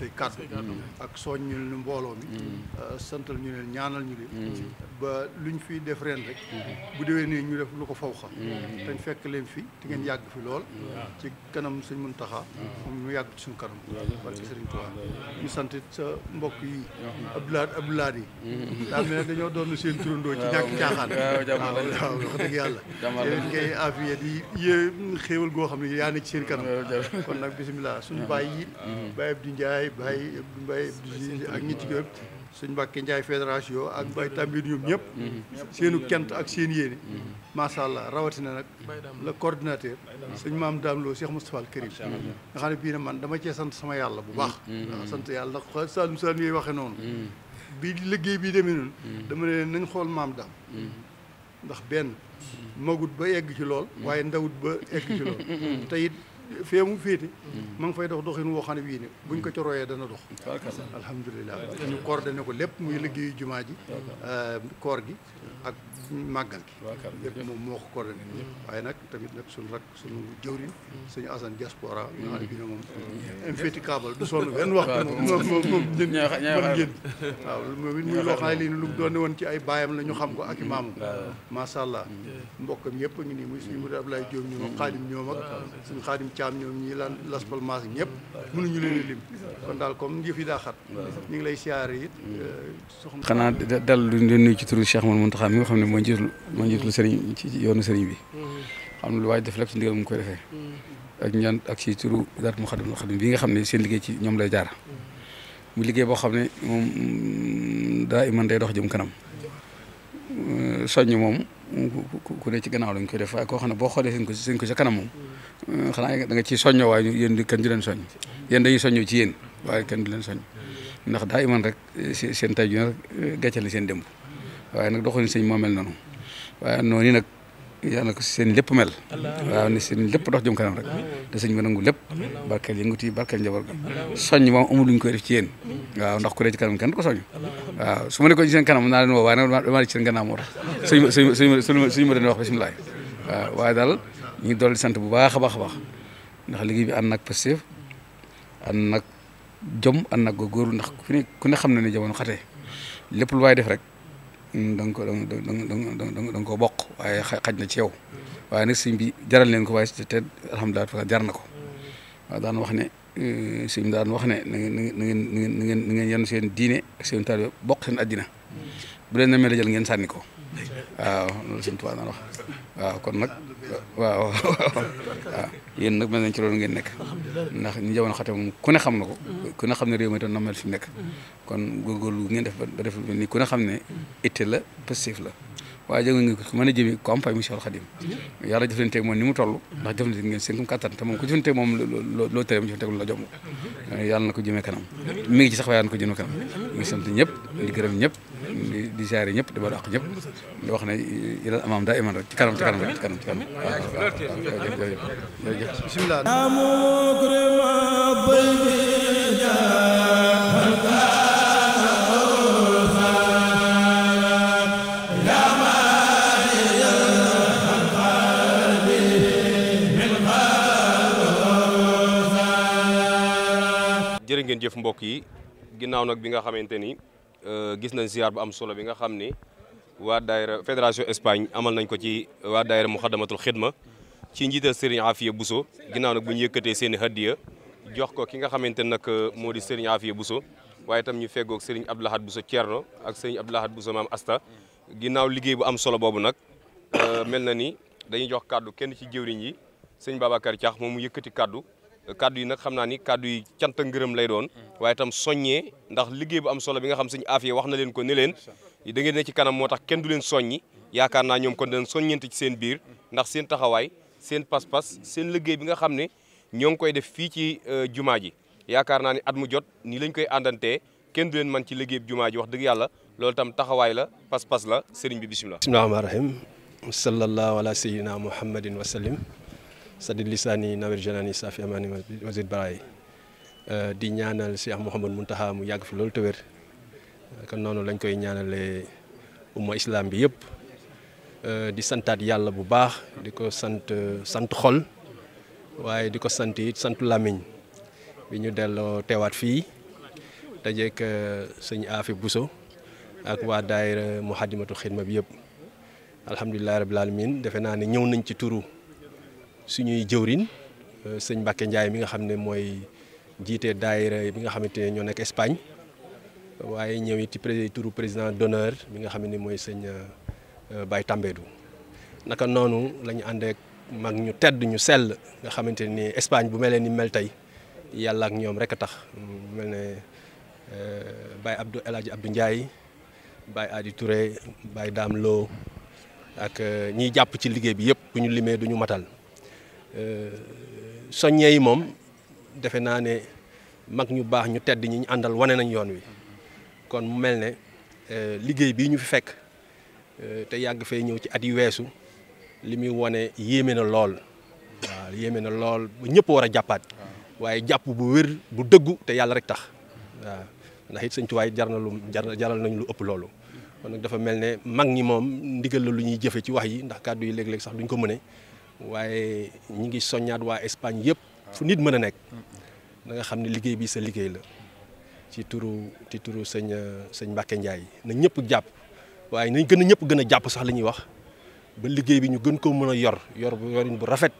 say kàddu mm. ak soññul ñu mbooloo mi mm. euh, santal ñu leen ñaanal ñu leen mm. ba lu ñu fi def ren rek bu déwee ne ñu def lu ko faw xam dañ fekk leen fi te ngeen yàgg fi lool ci kanam sëñ Muntaxa moom mu yàgg ci suñu kanam barke Sëriñ Tuubaa ñu sant it sa mbokk yi abdulaad abdulaad yi daa mel ne dañoo doon seen turandoo ci ñàkk caaxaan waaw wax dëgg yàlla yéen ngay afiya di yéen xéewal goo xam ne yaa ne ci seen kanam kon nag bisimilah suñu bàyyi yi bàyyi Abdou Ndiaye Baye Baye Baye ak ñi ci yëpp suñ Mbàkke Njaay fédération ak Baye Tambir ñoom ñëpp seenu kent ak seen yéene macha allah rawatina nag la coordinateur suñ maam daam loo Cheikh Moustapha Al Karim bii ne man dama cee sant sama yàlla bu mm, baax mm, mm. sant yàlla ndax Saalum Saalum yi waxee noonu bi liggéey bii demee noonu dama ne nañ xool maam daam ndax benn magut ba egg ci lool waaye ndawut ba egg ci lool te fee mu féete ma ngi fay dox doxin woo xam ne wii ne buñ ko ci royee dana dox alhamdulilah ñu coordonné ko lépp muy liggéeyu jumaa ji euh, koor gi ak màggal gi lépp moom moo ko coordonné waaye nag tamit nag suñu rak suñu jëwriñ suñu asan diaspora ñoo xam ne bi ne moom infatigable du sonn benn waxtu moom moom moom jën man jën waaw moom it muy loo xam ne lu mu doon woon ci ay baayam la ñu xam ko ak i maamam maasàllaa mbokkam yëpp a ngi nii muy suñu mu Abdoulaye Diop ñoom xaadim ñoom ak suñu xaadim caam ñoom ñii lan Las Palmas ñëpp mënuñu leen a lim kon daal ñu ngi lay siyaare it euh, soxna xanaa dal du leen nuyu ci turu Cheikh Mouhamadou Mountakha mi nga xam ne moo jiitu moo jiitu sëriñ ci yoonu sëriñ bi xam ne lu waay def lépp ci mu koy defee ak ñaan ak ci turu daat mu xadim xadim bi nga xam ne seen liggéey ci ñoom lay jaar mu liggéey boo xam ne moom daa iman day dox jëm kanam euh, soññ moom ku ne ci la lañ koy def waaye koo xam ne boo xoolee seen ko seen ko sa kanam moom xanaa da nga ciy soññoo waaye yéen kenn du leen soññ yéen dañuy soññoo ci yéen waaye kenn du ndax daa rek seen tay ju ne rek gàcce la seen démb waaye nag doxalin sëñ moo mel noonu waaye noonu nag yàlla ko seen lépp mel waaw ne seen lépp dox jëm kanam rek te sëñ bi nangu lépp barkeel yëngatu yi barkeel njaboot gi soññ moom amul lu ñu koy def ci yéen waaw ndax ku dee ci kanam kenn du ko waaw su ma nekkoon seen kanam naa leen woo waaye nag damaa ci seen gannaaw moo tax suñu suñu suñu ma doon wax bisimilah waaw waaye daal ñu ngi dolli sant bu baax a baax a baax ndax liggéey bi ànd nag nag jom ànd nag góorgóorlu ndax ku ne xam na ne jamono xatee lépp lu waay def rek da nga ko da nga ko bokk waaye xaj na ci yow waaye nag sëñ bi jaral leen ko waaye si te alhamdulilah jar na ko waaw daan wax ne euh, sëñ bi daan wax ne na ngeen na ngeen na ngeen na ngeen yenn seen diine ak seen taal bokk seen addina. bu leen namee la jël ngeen sànni ko waaw loolu sëñ Tuubaa naan waaw kon nag waaw waaw yéen nag mel nañ ci loolu ngeen nekk ndax ñu jamono xate moom ku ne xam na ko ku ne xam ne réew mi doon na mel fi mu nekk kon góorgóorlu ngeen def ba def nii ku ne xam ne itte la positif la waaye jóge nga ko mën a jëmi ko am pay mu Seexul Xadim yàlla moom ni mu toll ndax jëflante ngeen seen kum kattan te moom ku jëflante moom loo tere mu jëflante la jomb yàlla na ko jëmee kanam mi ngi ci sax waaye na ko jëmee kanam mi ngi sant ñëpp di gërëm ñëpp di siyaare ñëpp di baal àq ñëpp di wax ne ilal amaam daa iman rek ci kanam ci kanam rek ci kanam ci kanam bismillah jërë ngeen jëf mbokk yi ginnaaw nag bi nga xamante ni euh, gis nañ ziar bu am solo bi nga xam ni waa daayira fédération Espagne amal nañ ko ci waa daayira Muxaddamatul Xidma ci njiital Serigne bu Bousso ginnaaw nag bu ñu yëkkatee seeni i hadiya jox ko ki nga xamante nag euh, moo di Serigne bu so waaye tam ñu feggoog Serigne Abdou bu Bousso Thierno ak Serigne Abdou Lahad Bousso Maam Asta ginnaaw liggéey bu am solo boobu nag euh, mel na ni dañuy jox kàddu kenn ci jëwriñ yi Serigne Babacar moom mu yëkkati kàddu kaddu yi nag xam naa ni kaddu yi cant ak ngërëm lay doon waaye itam soññee ndax liggéey bu am solo bi nga xam sëñ Afia wax na leen ko ne leen da ngeen ne ci kanam moo tax kenn du leen soññi yaakaar naa ñoom kon dinañ soññante ci seen biir ndax seen taxawaay seen pas-pas seen liggéey bi nga xam ne ñoo ngi koy def fii ci euh, jumaa ji yaakaar naa ni at mu jot nii lañ koy àndantee kenn du leen man ci liggéey jumaa ji wax dëgg yàlla loolu tam taxawaay la pas-pas la sëriñ bi bisimilah. bisimilah rahmaani rahim sallallahu ala sayyidina muhammadin wa sallim sadid lisaani nawet janaani safi amaani wasid baraay euh, di ñaanal Cheikh mun taxa mu yàgg fi loolu te wér euh, noonu lañ koy ñaanale umma islam bi yëpp euh, di santaat yàlla bu baax di ko sant sant xol waaye di ko sant it sant làmmiñ bi ñu delloo teewaat fii dajeek sëñ Afi Bousso ak waa daayira Muxaddamatul Xidma bi yëpp alhamdulilah rabil alamin defe naa ni ñëw nañ ci turu. suñuy jëwrin euh, sëñ Mbacke njaay mi nga xam ne mooy jiite daayira bi nga xamante ne ñoo nekk Espagne waaye ñëw it ci turu président d'honneur bi nga xam ne mooy sëñ euh, Baye Tambédou naka noonu lañu àndeek mag ñu tedd ñu sell nga xamante ni Espagne bu mel ni mel tey yàlla ak ñoom rek a tax mel ne euh, Baye Abdou El Hadj Abdou Ndiaye Baye Adi Touré Baye Dame Lo ak ñiy jàpp ci liggéey bi yëpp bu ñu limee du ñu matal. Euh, soññee yi moom defe naa ne mag ñu baax ñu tedd ñi ñu àndal wane nañ yoon wi kon mu mel ne euh, liggéey bi ñu fi fekk euh, te yàgg fee ñëw ci at yi weesu li muy wane yéeme na lool waaw yéeme na lool ba ñëpp war a jàppaat waaye jàpp bu wér bu dëggu te yàlla rek tax waaw ndax it sëñ tuwaay jar na lu jaral nañ lu ëpp loolu kon nag dafa mel ne mag ñi moom ndigal la lu ñuy jëfe ci wax yi ndax kàddu yi léeg-léeg sax duñ ko mëne waaye ñu ngi soññaat waa Espagne yëpp fu nit mën a nekk da nga xam ne liggéey bi sa liggéey la ci turu ci turu sëñ sëñ Mbacke Ndiaye na ñëpp jàpp waaye nañ gën a ñëpp gën a jàpp sax la ñuy wax ba liggéey bi ñu gën ko mën a yor yor yorin bu rafet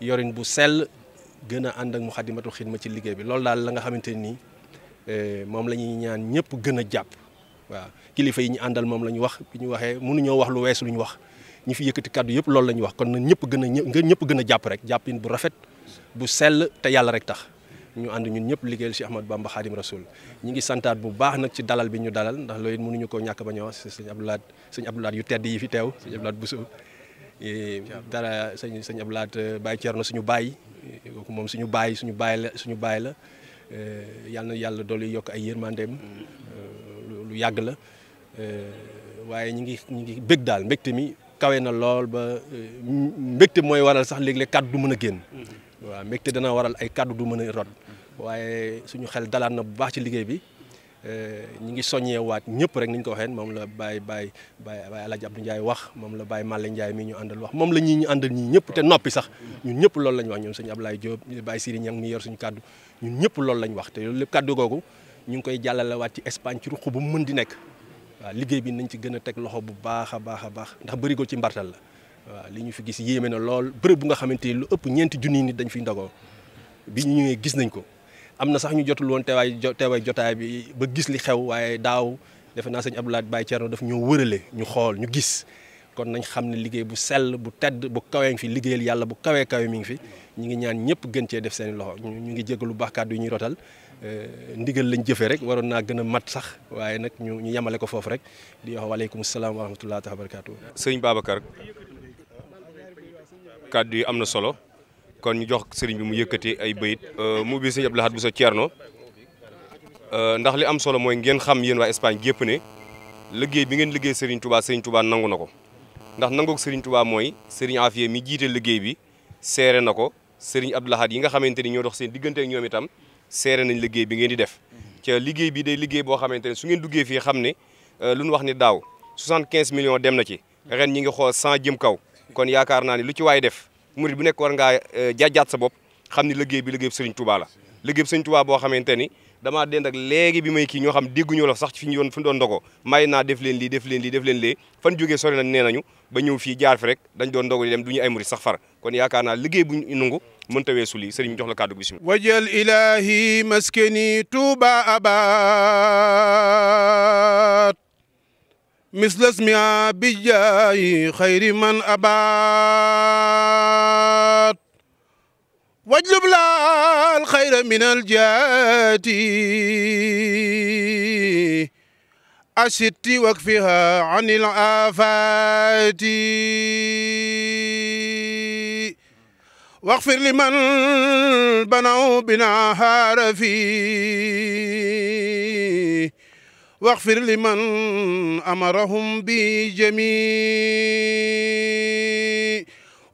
yorin bu sell gën a ànd ak Moukhaddamatoul Khidma ci liggéey bi loolu daal la nga xamante nii eh, moom la ñuy ñaan ñëpp gën a jàpp waaw kilifa yi ñu àndal moom la ñu wax bi ñu waxee mënuñoo wax lu weesu lu ñu wax ñi fi yëkkati kàddu yëpp loolu la ñu wax kon na ñëpp gën a nga ñëpp gën a jàpp rek jàppin bu rafet bu sell te yàlla rek tax ñu ànd ñun ñëpp liggéeyal si Ahmadou Bamba Khadim Rasoul ñi ngi santaat bu baax nag ci dalal bi ñu dalal ndax looy it mënuñu koo ñàkk ba ñëw sëñ Abdoulaat sëñ Abdoulaat yu tedd yi fi teew sëñ Abdoulaat Bousso e, dara sëñ sëñ Abdoulaat e, Baye Thierno suñu baay e, kooku moom suñu bàyyi suñu baay la suñu baay la yàlla na yàlla doolu yokk ay yërmandeem lu yàgg la waaye ñi ngi ñi ngi bég kawe na lool ba eh, mbégte mooy waral sax léeg-léeg kàddu du mën a génn. Mm-hmm. waaw mbégte dana waral ay kàddu du mën a rot. waaye suñu xel dalaat na bu baax ci liggéey bi eh, ñi ngi soññee waat ñëpp rek ni ñu ko waxee moom la Baye Baye Baye El Hadj Abdou Ndiaye wax moom la Baye Malle Ndiaye mii ñu àndal wax moom la ñii ñu àndal ñii ñëpp te noppi sax ñun ñëpp loolu lañ wax ñoom sëñ Ablaye Diop Baye Siri Niang mi yor suñu kàddu ñun ñëpp loolu lañ wax te loolu lépp kàddu googu ñu ngi koy jàllale waat ci Espagne ci ruq bu mu di nekk waaw liggéey bi nañ ci gën a teg loxo bu baax a baax a baax ndax bari bërigo ci mbartal la waa li ñu fi gis yéeme na lool bërëb bu nga xamante ni lu ëpp ñeenti junni nit dañ fiy ndogoo bi ñu ñëwee gis nañ ko am na sax ñu jotul woon teewaay teewaay jotaay bi ba gis li xew waaye daaw defe naa sëñ Abdoulaye Baye Thierno daf ñoo wërale ñu xool ñu gis kon nañ xam ne liggéey bu sell bu tedd bu kawee fi liggéeyal yàlla bu kawee kawe mi ngi fi ñu ngi ñaan ñëpp gën cee def seeni i loxo ñu ngi jéggalu baax kàddu yi ñuy rotal euh, ndigal lañ jëfee rek waroon naa gën a mat sax waaye nag ñu ñu yemale ko foofu rek di wax waaleykum salaam wa rahmatulah wa barakaatu. sëñ Babacar kàddu yi am na solo kon ñu jox sëriñ bi mu yëkkati ay bayit euh, mu bi sëñ Abdou Lahad bu sa Thierno euh, ndax li am solo mooy ngeen xam yéen waa Espagne gépp ne liggéey bi ngeen liggéey sëriñ Touba sëriñ Touba nangu na ko. ndax nangoog Serigne Touba mooy Serigne Afia mi jiitee liggéey bi seere na ko Serigne Abdou Lahad yi nga xamante ni ñoo dox seen diggante ak ñoom itam seere nañ liggéey bi ngeen di def ca liggéey bi day liggéey boo xamante ne su ngeen duggee fi xam ne euh, lu ñu wax ni daaw 75 millions dem na ci ren ñi ngi xool 100 jëm kaw kon yaakaar naa ni lu ci waay def mu bu nekk war ngaa euh, jaajaat sa bopp xam ni liggéey bi liggéey Serigne Touba la liggéey Serigne Touba boo xamante ni damaa deen ak léegi bi may kii ñoo xam dégguñu la sax fi ñu doon fi ñu doon ndogoo may naa def leen lii def leen lii leen lee fan jógee sori nañ nee nañu ba ñëw fi jaar fi rek dañ doon ndogo di dem du ñu ay murit sax far kon yaakaar naa liggéey bu ñu nangu mënta weesu lii sëriñ jox la kàddu bismi wajal ilahi ni tuuba abaat mislasmia bijaayi xayri man abaat wajlub laa alxayra min aljaati asitti wakfiha an il afaati waxfir li man banaw binaa haarafi waxfir li man amarahum bi jami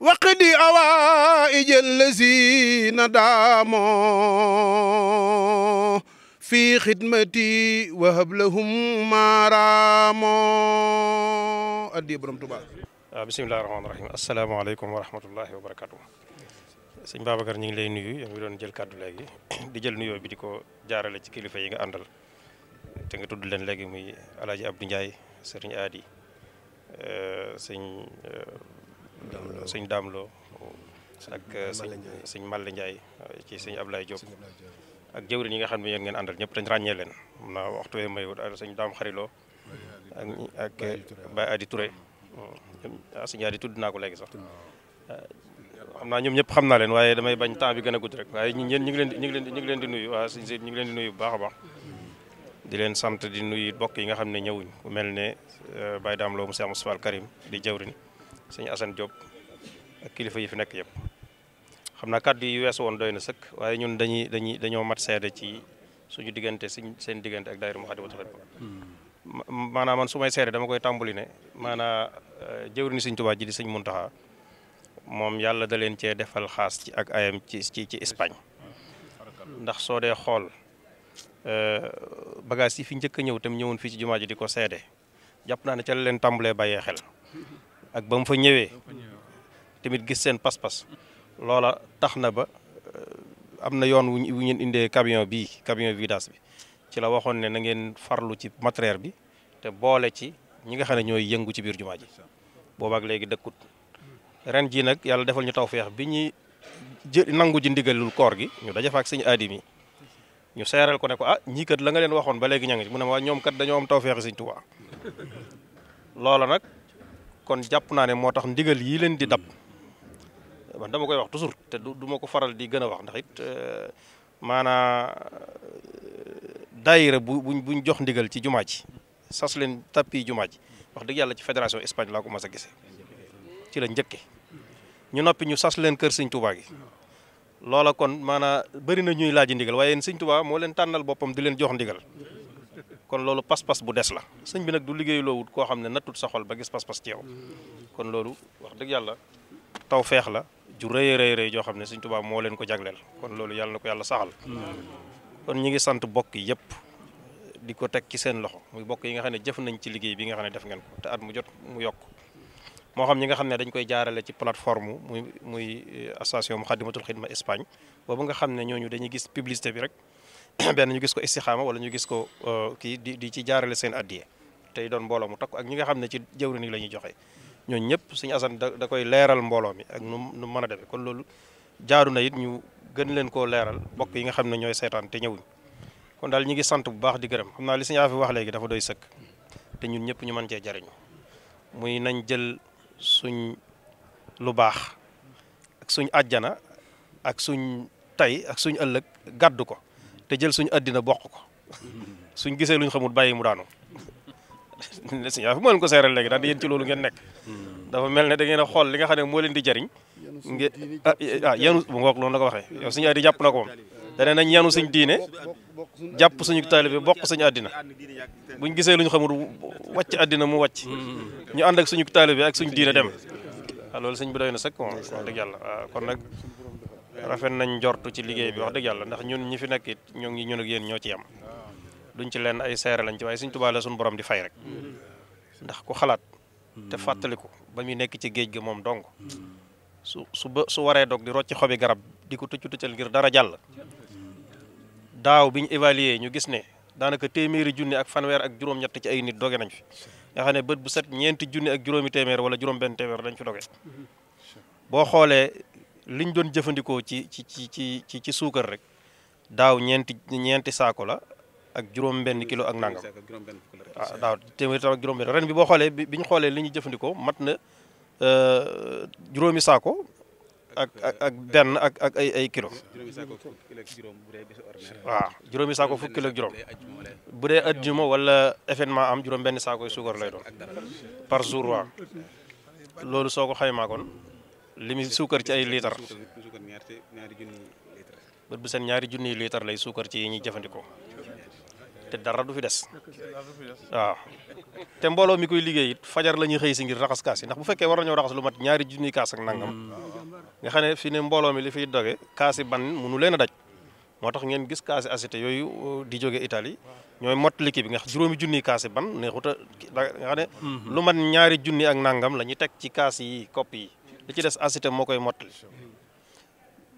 waqdi awaaij allazina daamoo fi xidmati wa hablahum maaraamoo addi borom Tuubaa waaw ah, bisimilahi rahmaani rahim asalaamaaleykum wa rahmatullahi wa barakatu sëñ Babacar ñu ngi lay nuyu yow mi doon jël kàddu léegi di jël nuyoo bi di ko jaar ci kilifa yi nga àndal te tudd leen léegi muy alaaji Abdou Ndiaye Aadi eh, sëñ eh, sëñ Daamloo ak sëñ mal Malla Ndiaye ci sëñ Ablaye Diop ak jëwriñ yi nga xam ne yéen ngeen àndal ñëpp dañ ràññee leen xam naa waxtu wee may wut sëñ Daam Xariloo ak ak Baye Adi Touré ah sëñ Adi tudd naa ko léegi sax xam ah, naa ñoom ñëpp xam naa leen waaye damay bañ temps bi gën a gudd rek waaye ñun ñeen ñu ngi leen di ñu ngi leen di ñu ngi leen di nuyu waa ah, sëñ Seyd ñu ngi di baax a baax di leen sant di nuyu bokk yi nga xam ne ñëwuñ ku mel ne euh, Baye Daam Lo mu Cheikh Moustapha Karim di jëwriñ sëñ Assane Diop ak kilifa yi fi nekk yëpp xam naa kàddu yi weesu woon doy na sëkk waaye ñun dañuy dañuy dañoo mat seede ci suñu diggante suñ seen diggante ak daayira Moukhaddamatoul Khidma maanaam man su may seede dama koy tàmbali ne maanaam euh, jëwriñu sëñ Tuubaa ji di sëñ Muntaxa moom yàlla da leen cee defal xaas ci ak ayam ci ci ci Espagne ndax soo dee xool euh, bagage yi fi njëkk ñëw tam ñëwoon fii ci jumaa ji di ko seede jàpp naa ne ca la leen tàmbulee bàyyee xel ak ba mu fa ñëwee tamit gis seen pas-pas loola tax na ba euh, am na yoon wu ñu indee camion bii camion vidange bi ci la waxoon ne na ngeen farlu ci matériel bi te boole ci ñi nga xam ne ñooy yëngu ci biir jumaa ji boobaak léegi dëkkut ren jii nag yàlla defal ñu tawfeex bi ñuy jë nangu ji ndigalul koor gi ñu daje fa ak sëñ aadimi ñu seereel ko ne ko ah ñii la nga leen waxoon ba léegi ña ngi ci mu ne ma waa ñoom kat dañoo am tawfeex sëñ Tuubaa loola nag kon jàpp naa ne moo tax ndigal yii leen di dab man dama koy wax toujours te du duma ko faral di gën a wax ndax it euh, maanaa euh, daayira bu buñ jox ndigal ci jumaa ji sas leen tappi jumaa ji wax dëgg yàlla ci fédération Espagne laa ko mas a gisee ci la njëkke ñu noppi ñu sas leen kër sëñ Touba gi loola kon maanaa bëri na ñuy laaj ndigal waaye yéen sëñ moo leen tànnal boppam di leen jox ndigal kon loolu pas-pas bu des la sëñ bi nag du liggéey loowut koo xam ne nattut sa xol ba gis pas-pas ci yow kon loolu wax dëgg yàlla taw feex la ju rëy rëy joo xam ne sëñ Tuubaa moo leen ko jagleel kon loolu yàlla na ko yàlla saxal kon ñi ngi sant bokk yëpp di ko teg ci seen loxo muy bokk yi nga xam ne jëf nañ ci liggéey bi nga xam ne def ngeen ko te at mu jot mu yokk moo xam ñi nga xam ne dañ koy jaarale ci plateforme muy muy euh, association Moukhaddamatoul Khidma Espagne boobu nga xam ne ñooñu dañuy gis publicité bi rek benn ñu gis ko istixaama wala ñu gis ko euh, kii di di ci jaarale seen addiye tey doon mbooloo mu takk ak ñi nga xam ne ci jëwri ni la ñuy joxe ñooñu ñëpp suñ asan da da koy leeral mbooloo mi ak nu nu mën a demee kon loolu jaaru na it ñu gën leen koo leeral bokk yi nga xam ne ñooy seetaan te ñëwuñ kon daal ñu ngi sant bu baax di gërëm xam naa li suñu aafi wax léegi dafa doy sëkk te ñun ñëpp ñu mën cee jariñu muy nañ jël suñ lu baax ak suñ àjjana ak suñ tey suñ ëllëg gàddu ko te jël suñu àddina bokk ko suñ gisee luñ xamul bàyyi mu daanu si yaa fu ma leen ko seeral léegi daal di yéen ci loolu ngeen nekk dafa mel ne da ngeen a xool li nga xam ne moo leen di jariñ nge ah, ah yanu bu ngoog loolu la ko waxee yow suñu àddi jàpp na ko moom nañ yanu suñ diine jàpp suñu taalibe bokk suñu àddina buñ gisee luñ xamul wacc àddina mu wàcc ñu ànd ak suñu taalibe ak suñu diine dem ah loolu sëñ bi doy na sëkk moom wax dëgg yàlla ah, kon nag rafet nañ njortu ci liggéey bi wax dëgg yàlla ndax ñun ñi fi nekk it ñoo ngi ñun ak yéen ñoo ci yem duñ ci leen ay seere lañ ci waaye suñ Tuubaa la suñu borom di fay rek ndax ku xalaat te fàttaliku ba muy nekk ci géej ga moom dong su su ba su waree dog di rocci xobi garab di ko tuccu tuccal ngir dara jàll daaw bi ñu évaluer ñu gis ne daanaka téeméeri junni ak fanweer ak juróom-ñett ci ay nit doge nañ fi nga xam ne bët bu set ñeenti junni ak juróomi téeméer wala juróom benn téeméer lañ fi doge liñ doon jëfandikoo ci ci ci ci ci suukar rek daaw ñeenti ñeenti saako la ak juróom-benn kilo ak nangam waaw ah, daaw téeméeri tam ak juróom-benn ren bi boo xoolee bi ñu xoolee li ñu jëfandikoo mat na euh, juróomi saako ak ak benn ak ak ay ay kilo waaw juróomi saako fukki kilo ak juróom bu dee ajjuma wala événement am juróom-benn saako yu suukar lay doon par jour waaw loolu soo ko xaymaa li suukar ci ay liitar bët bu seen ñaari junni liitar lay suukar ci yi ñuy jëfandikoo te dara du fi des waaw te mbooloo mi koy liggéey fajar la ñuy xëy si ngir raxas kaas yi ndax bu fekkee war ñoo raxas lu mat ñaari junniy kaas ak nangam nga ne fi ne mbooloo mi li fiy doge kaas yi ban munu leen a moo tax ngeen gis kaasi acité yooyu uh, di jóge Italie ñooy mot bi nga xam juróomi junniy kaasi ban neexut a mhm. lu mat ñaari junni ak nangam la ñuy teg ci kaas yi kopp yi li ci des acité moo koy mottali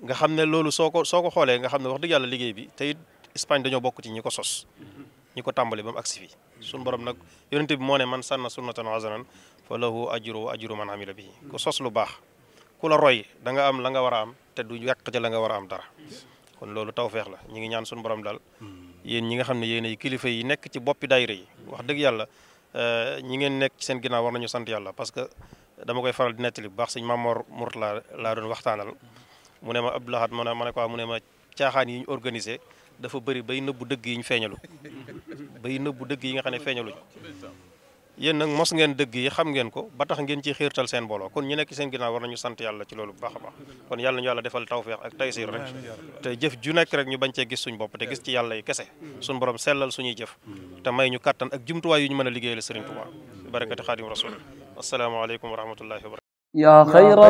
nga xam ne loolu soo ko soo ko xoolee nga xam ne wax dëgg yàlla liggéey bi tey it Espagne dañoo bokk ci ñi ko sos ñi ko tàmbali ba mu agsi fii suñu borom nag yonente bi moo ne man sànna sunnatan hasanan fa lahu ajru wa ajru man amila bi ku sos lu baax ku la roy da nga am la nga war a am te du yàq ca la nga war a am dara kon loolu taw feex la ñu ngi ñaan suñu borom daal yéen ñi nga xam ne yéen ay kilifa yi nekk ci boppi daayira yi wax dëgg yàlla Euh, ñi ngeen nekk ci seen ginnaaw war nañu sant yàlla parce que dama koy faral di nettali bu baax sëñ Mamor Mourtala laa doon waxtaanal mu ne ma Abdou Lahad ma ne ma ne quoi mu ne ma caaxaan yi ñu organisé dafa bëri bay nëbbu dëgg yi ñu feeñalu bay nëbbu dëgg yi nga xam ne feeñaluñ yéen nag mos ngeen dëgg yi xam ngeen ko ba tax ngeen ci xiirtal seen booloo kon ñu nekk seen ginnaaw war nañu sant yàlla ci loolu bu baax a baax kon yàlla nañu yàlla defal tawféex ak taysiir rek te jëf ju nekk rek ñu bañ cee gis suñ bopp te gis ci yàlla yi kese suñ borom sellal suñuy jëf te may ñu kàttan ak jumtuwaay yu ñu mën a liggéeyal Sëriñ Tuubaa barakati xaadim rasul asalaamaaleykum wa wa barakatu yaa xayra